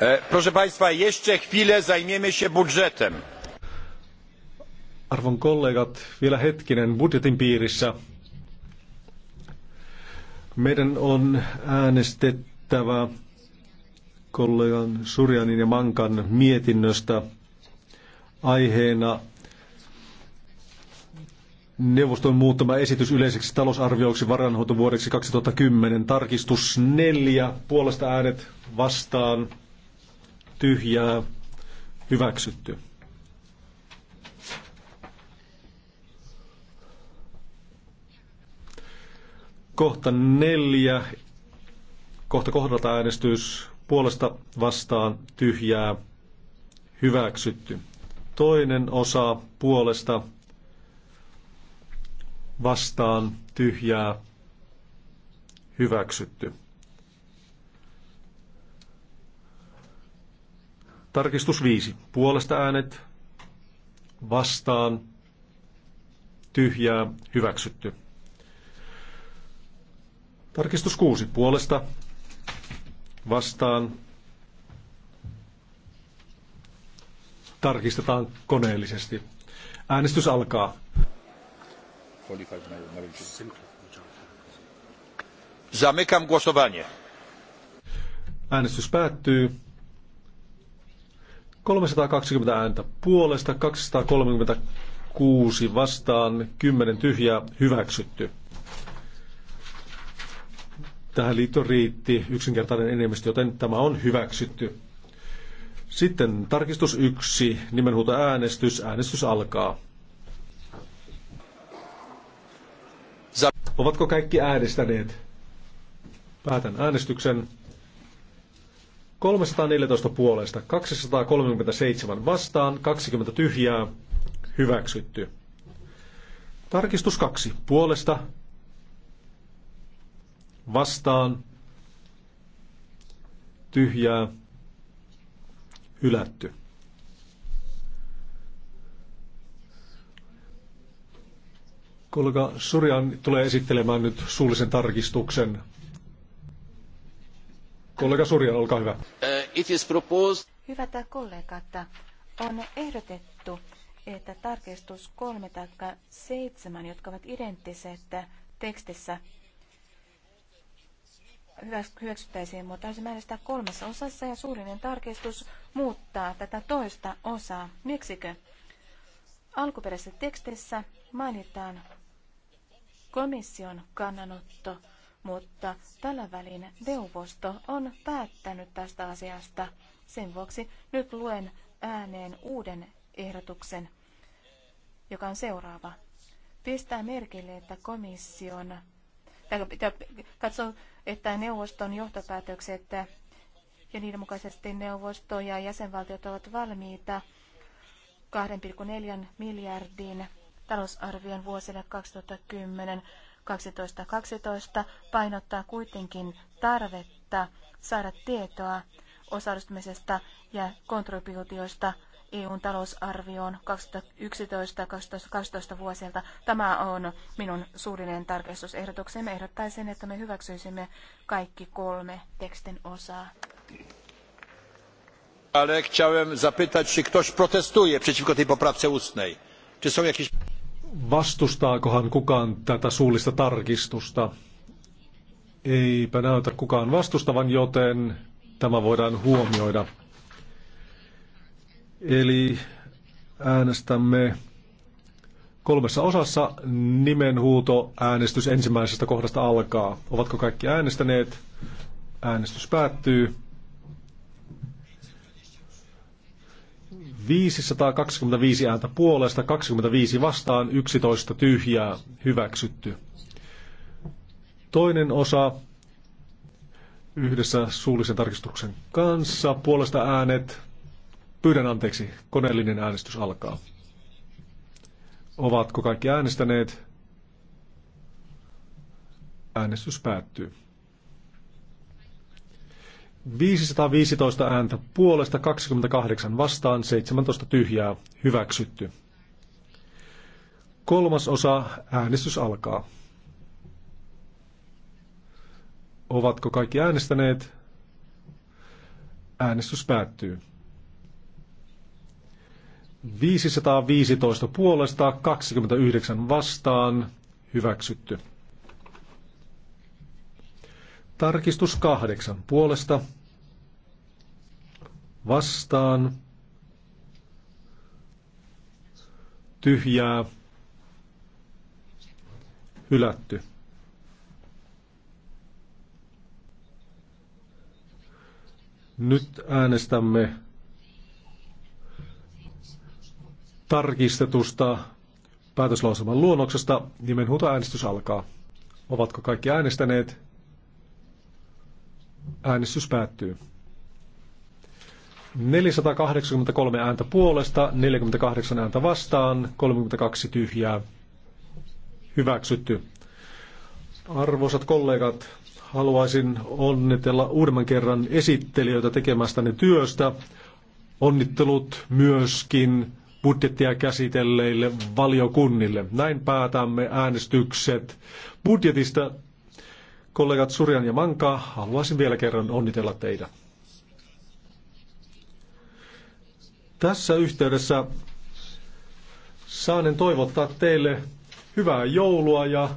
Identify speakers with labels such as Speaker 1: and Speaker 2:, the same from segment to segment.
Speaker 1: E, proszę Państwa, jeszcze chwilę zajmiemy się budżetem.
Speaker 2: Arvon kollegat, vielä hetkinen budjetin piirissä. Meidän on äänestettävä kollegan Surjanin ja Mankan mietinnöstä aiheena neuvoston muuttama esitys yleiseksi talousarvioksi varanhoitovuodeksi 2010. Tarkistus neljä, puolesta äänet vastaan tyhjää hyväksytty. Kohta neljä. Kohta kohdalta äänestys puolesta vastaan tyhjää hyväksytty. Toinen osa puolesta vastaan tyhjää hyväksytty. Tarkistus 5. Puolesta äänet vastaan tyhjää hyväksytty. Tarkistus 6. Puolesta vastaan tarkistetaan koneellisesti. Äänestys alkaa. Zamykam głosowanie. Äänestys päättyy. 320 ääntä puolesta, 236 vastaan, 10 tyhjää hyväksytty. Tähän liitto riitti yksinkertainen enemmistö, joten tämä on hyväksytty. Sitten tarkistus 1, nimenhuuto äänestys. Äänestys alkaa. Ovatko kaikki äänestäneet? Päätän äänestyksen. 314 puolesta, 237 vastaan, 20 tyhjää, hyväksytty. Tarkistus 2 puolesta, vastaan, tyhjää, hylätty. Kollega Surjan tulee esittelemään nyt suullisen tarkistuksen Kollega Surja, olkaa hyvä.
Speaker 1: Eh, it is proposed... Hyvät kollegat, on ehdotettu, että tarkistus 3 tai 7, jotka ovat identtiset tekstissä, hyväksyttäisiin, mutta täysin äänestää kolmessa osassa ja suullinen tarkistus muuttaa tätä toista osaa. Miksikö? Alkuperäisessä tekstissä mainitaan komission kannanotto mutta tällä välin neuvosto on päättänyt tästä asiasta. Sen vuoksi nyt luen ääneen uuden ehdotuksen, joka on seuraava. Pistää merkille, että komission katso, että neuvoston johtopäätökset ja niiden mukaisesti neuvosto ja jäsenvaltiot ovat valmiita 2,4 miljardin talousarvion vuosille 2010 12.12 painottaa kuitenkin tarvetta saada tietoa osallistumisesta ja kontribuutioista EUn talousarvioon 2011-2012 vuosilta. Tämä on minun suullinen tarkistusehdotuksemme. Ehdottaisin, että me hyväksyisimme kaikki kolme tekstin osaa.
Speaker 2: Ale chciałem
Speaker 1: zapytać, czy ktoś protestuje przeciwko tej poprawce ustnej? Czy są jakieś...
Speaker 2: Vastustaakohan kukaan tätä suullista tarkistusta? Eipä näytä kukaan vastustavan, joten tämä voidaan huomioida. Eli äänestämme kolmessa osassa nimenhuuto äänestys ensimmäisestä kohdasta alkaa. Ovatko kaikki äänestäneet? Äänestys päättyy. 525 ääntä puolesta, 25 vastaan, 11 tyhjää hyväksytty. Toinen osa yhdessä suullisen tarkistuksen kanssa. Puolesta äänet. Pyydän anteeksi, koneellinen äänestys alkaa. Ovatko kaikki äänestäneet? Äänestys päättyy. 515 ääntä puolesta, 28 vastaan, 17 tyhjää, hyväksytty. Kolmas osa, äänestys alkaa. Ovatko kaikki äänestäneet? Äänestys päättyy. 515 puolesta, 29 vastaan, hyväksytty. Tarkistus kahdeksan puolesta vastaan tyhjää hylätty. Nyt äänestämme tarkistetusta päätöslauselman luonnoksesta. Nimenhuutoäänestys alkaa. Ovatko kaikki äänestäneet? Äänestys päättyy. 483 ääntä puolesta, 48 ääntä vastaan, 32 tyhjää. Hyväksytty. Arvoisat kollegat, haluaisin onnitella uudemman kerran esittelijöitä tekemästäni työstä. Onnittelut myöskin budjettia käsitelleille valiokunnille. Näin päätämme äänestykset budjetista Kollegat Surjan ja Mankaa, haluaisin vielä kerran onnitella teitä. Tässä yhteydessä saanen toivottaa teille hyvää joulua ja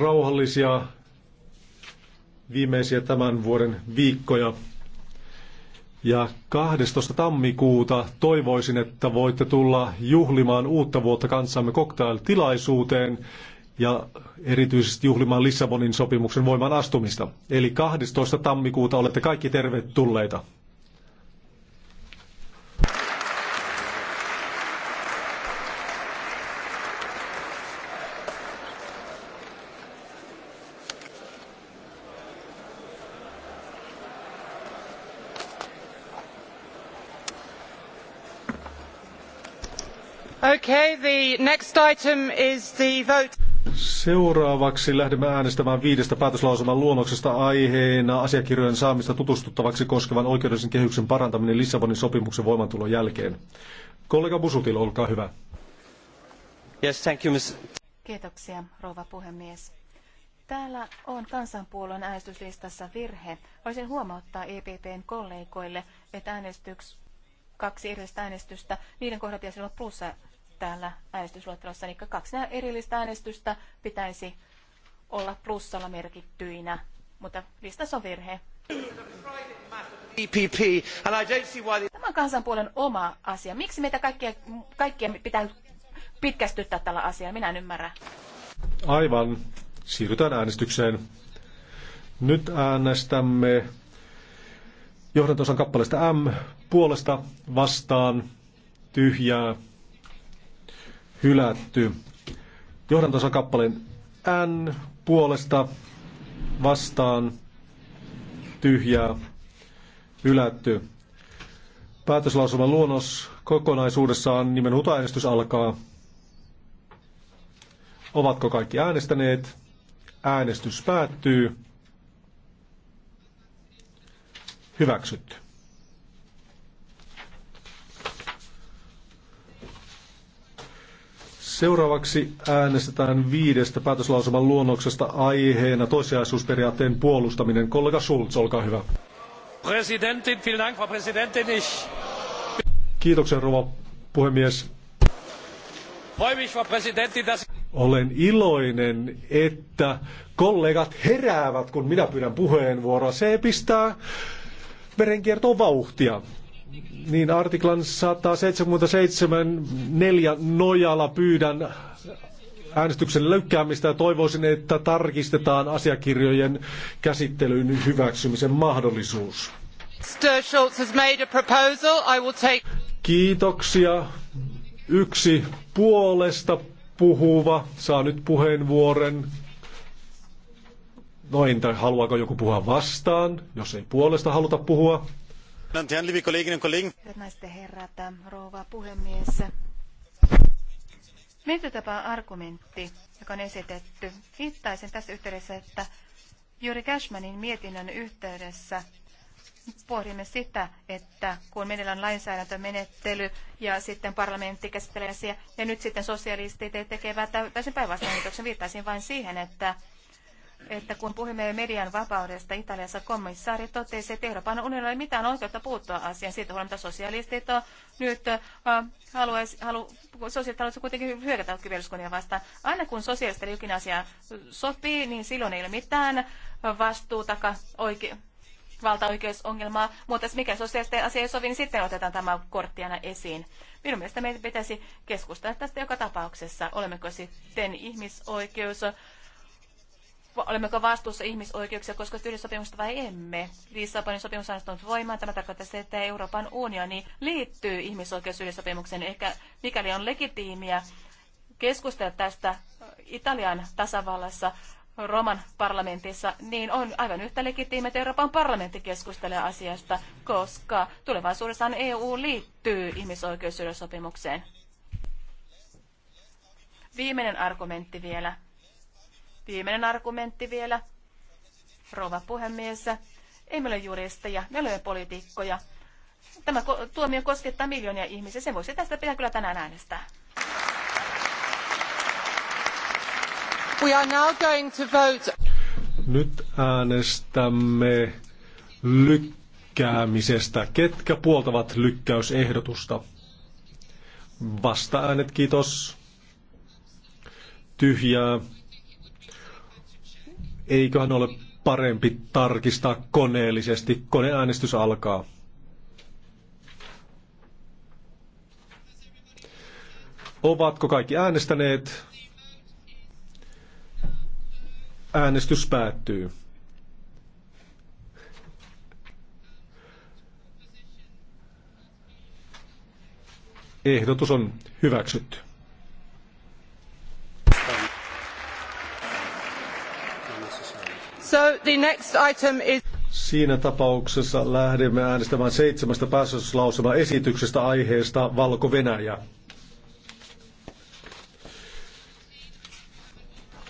Speaker 2: rauhallisia viimeisiä tämän vuoden viikkoja. Ja 12. tammikuuta toivoisin, että voitte tulla juhlimaan uutta vuotta kanssamme koktailtilaisuuteen, ja erityisesti juhlimaan Lissabonin sopimuksen voiman astumista. Eli 12. tammikuuta olette kaikki tervetulleita.
Speaker 1: Okay, the next item is the vote.
Speaker 2: Seuraavaksi lähdemme äänestämään viidestä päätöslausuman luonnoksesta aiheena asiakirjojen saamista tutustuttavaksi koskevan oikeudellisen kehyksen parantaminen Lissabonin sopimuksen voimantulon jälkeen. Kollega Busutil, olkaa hyvä.
Speaker 1: Yes, thank you, miss. Kiitoksia, rouva puhemies. Täällä on kansanpuolueen äänestyslistassa virhe. Voisin huomauttaa EPPn kollegoille, että äänestyks kaksi erillistä äänestystä, niiden kohdat pitäisi olla plussa täällä äänestysluettelossa, eli kaksi erillistä äänestystä pitäisi olla plussalla merkittyinä, mutta listassa on virhe. Tämä on kansanpuolen oma asia. Miksi meitä kaikkia, kaikkia pitää pitkästyttää tällä asialla? Minä en ymmärrä.
Speaker 2: Aivan. Siirrytään äänestykseen. Nyt äänestämme johdantosan kappaleesta M puolesta vastaan tyhjää hylätty. Johdantosan kappaleen N puolesta vastaan tyhjää hylätty. Päätöslausuman luonnos kokonaisuudessaan nimen äänestys alkaa. Ovatko kaikki äänestäneet? Äänestys päättyy. Hyväksytty. Seuraavaksi äänestetään viidestä päätöslausuman luonnoksesta aiheena toisiaisuusperiaatteen puolustaminen. Kollega Schulz, olkaa hyvä. Presidentin, vielen Dank, Frau Ich... Kiitoksen, rouva puhemies. Olen iloinen, että kollegat heräävät, kun minä pyydän puheenvuoroa. Se pistää verenkiertoon vauhtia niin artiklan neljä nojalla pyydän äänestyksen lykkäämistä ja toivoisin, että tarkistetaan asiakirjojen käsittelyn hyväksymisen mahdollisuus. Kiitoksia. Yksi puolesta puhuva saa nyt puheenvuoren. Noin, tai haluaako joku puhua vastaan, jos ei puolesta haluta puhua? Hyvät
Speaker 1: ja herrat, rouva puhemies. Mietintötapa argumentti, joka on esitetty, viittaisin tässä yhteydessä, että juuri Cashmanin mietinnön yhteydessä pohdimme sitä, että kun meillä on lainsäädäntömenettely ja sitten parlamentti käsittelee asiaa ja nyt sitten sosialistit tekevät täysin päinvastainen viittaisin vain siihen, että että kun puhumme median vapaudesta Italiassa, komissaari totesi, että Euroopan unionilla ei mitään oikeutta puuttua asiaan. Siitä huolimatta sosialistit on nyt äh, halu, sosiaaliset haluaisivat kuitenkin hyökätä kyberuskunnia vastaan. Aina kun sosiaalista jokin asia sopii, niin silloin ei ole mitään vastuuta oike, valtaoikeusongelmaa, mutta mikä sosiaalista asia ei sovi, niin sitten otetaan tämä korttiana esiin. Minun mielestä meidän pitäisi keskustella tästä joka tapauksessa, olemmeko sitten ihmisoikeus olemmeko vastuussa ihmisoikeuksia koska sopimusta vai emme. Lissabonin sopimus on astunut voimaan. Tämä tarkoittaa sitä, että Euroopan unioni liittyy ihmisoikeusyleissopimukseen. Ehkä mikäli on legitiimiä keskustella tästä Italian tasavallassa, Roman parlamentissa, niin on aivan yhtä legitiimiä, että Euroopan parlamentti keskustelee asiasta, koska tulevaisuudessaan EU liittyy ihmisoikeusyleissopimukseen. Viimeinen argumentti vielä. Viimeinen argumentti vielä. Rova puhemies, ei meillä ole juristeja, meillä ole poliitikkoja. Tämä tuomio koskettaa miljoonia ihmisiä. Sen voisi tästä pitää kyllä tänään äänestää. We are now going to vote.
Speaker 2: Nyt äänestämme lykkäämisestä. Ketkä puoltavat lykkäysehdotusta? Vasta-äänet, kiitos. Tyhjää. Eiköhän ole parempi tarkistaa koneellisesti. Koneäänestys alkaa. Ovatko kaikki äänestäneet? Äänestys päättyy. Ehdotus on hyväksytty.
Speaker 1: So the next item is...
Speaker 2: Siinä tapauksessa lähdemme äänestämään seitsemästä päästöslausuman esityksestä aiheesta Valko-Venäjä.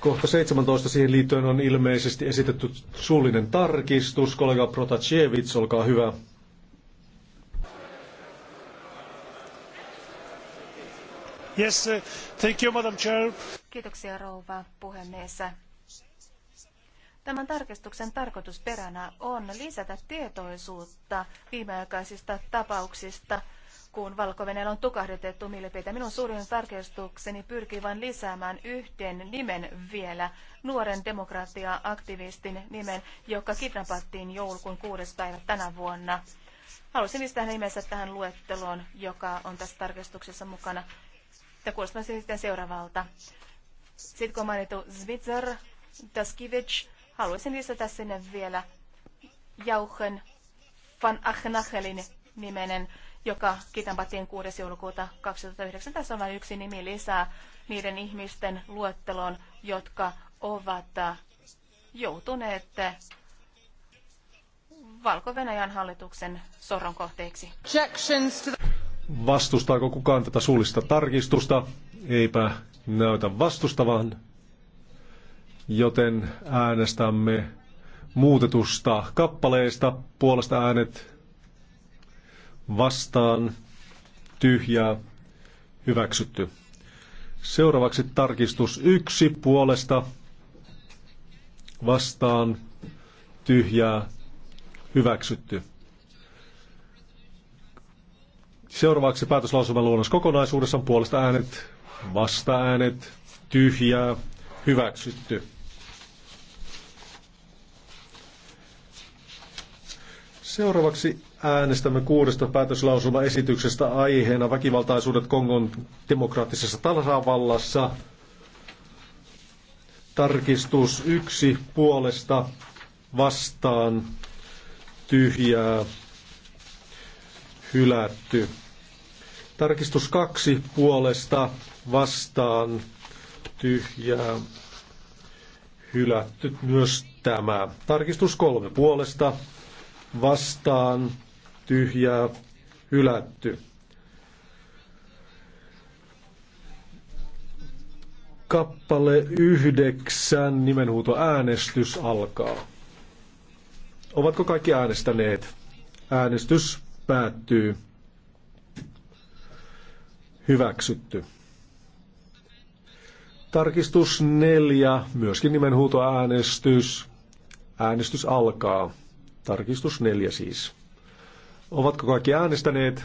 Speaker 2: Kohta 17 siihen liittyen on ilmeisesti esitetty suullinen tarkistus. Kollega Protasevich, olkaa hyvä. Yes, thank you, Madam Chair.
Speaker 1: Kiitoksia rouva puhemies. Tämän tarkistuksen tarkoitusperänä on lisätä tietoisuutta viimeaikaisista tapauksista, kun valko on tukahdutettu mielipiteitä. Minun suurin tarkistukseni pyrkii vain lisäämään yhden nimen vielä, nuoren demokratia-aktivistin nimen, joka kidnappattiin joulukuun kuudes päivä tänä vuonna. Haluaisin lisätä nimensä tähän luetteloon, joka on tässä tarkistuksessa mukana. Tämä kuulostaa sitten seuraavalta. Sitten kun on mainittu Zvitser, Haluaisin lisätä sinne vielä Jauchen van Achnachelin nimenen, joka kitanpatiin 6. joulukuuta 2009. Tässä on vain yksi nimi lisää niiden ihmisten luetteloon, jotka ovat äh, joutuneet äh, Valko-Venäjän hallituksen sorron kohteeksi.
Speaker 2: Vastustaako kukaan tätä suullista tarkistusta? Eipä näytä vastustavan joten äänestämme muutetusta kappaleesta puolesta äänet vastaan tyhjää hyväksytty. Seuraavaksi tarkistus yksi puolesta vastaan tyhjää hyväksytty. Seuraavaksi päätöslausuman luonnos kokonaisuudessaan puolesta äänet, vasta äänet, tyhjää, hyväksytty. Seuraavaksi äänestämme kuudesta esityksestä aiheena väkivaltaisuudet Kongon demokraattisessa tasavallassa. Tarkistus yksi puolesta vastaan tyhjää hylätty. Tarkistus kaksi puolesta vastaan tyhjää hylätty myös tämä. Tarkistus kolme puolesta vastaan tyhjää hylätty. Kappale yhdeksän nimenhuuto äänestys alkaa. Ovatko kaikki äänestäneet? Äänestys päättyy. Hyväksytty. Tarkistus neljä, myöskin nimenhuutoäänestys. Äänestys alkaa. Tarkistus neljä siis. Ovatko kaikki äänestäneet?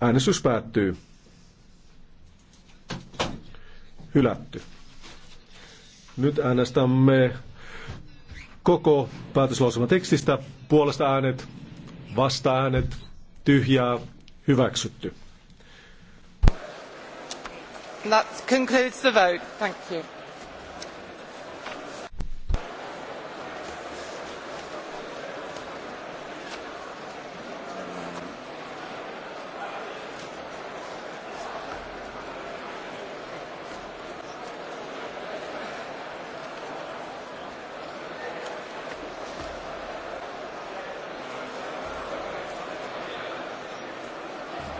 Speaker 2: Äänestys päättyy. Hylätty. Nyt äänestämme koko päätöslausuman tekstistä. Puolesta äänet, vasta äänet, tyhjää, hyväksytty.
Speaker 1: That concludes the vote. Thank you.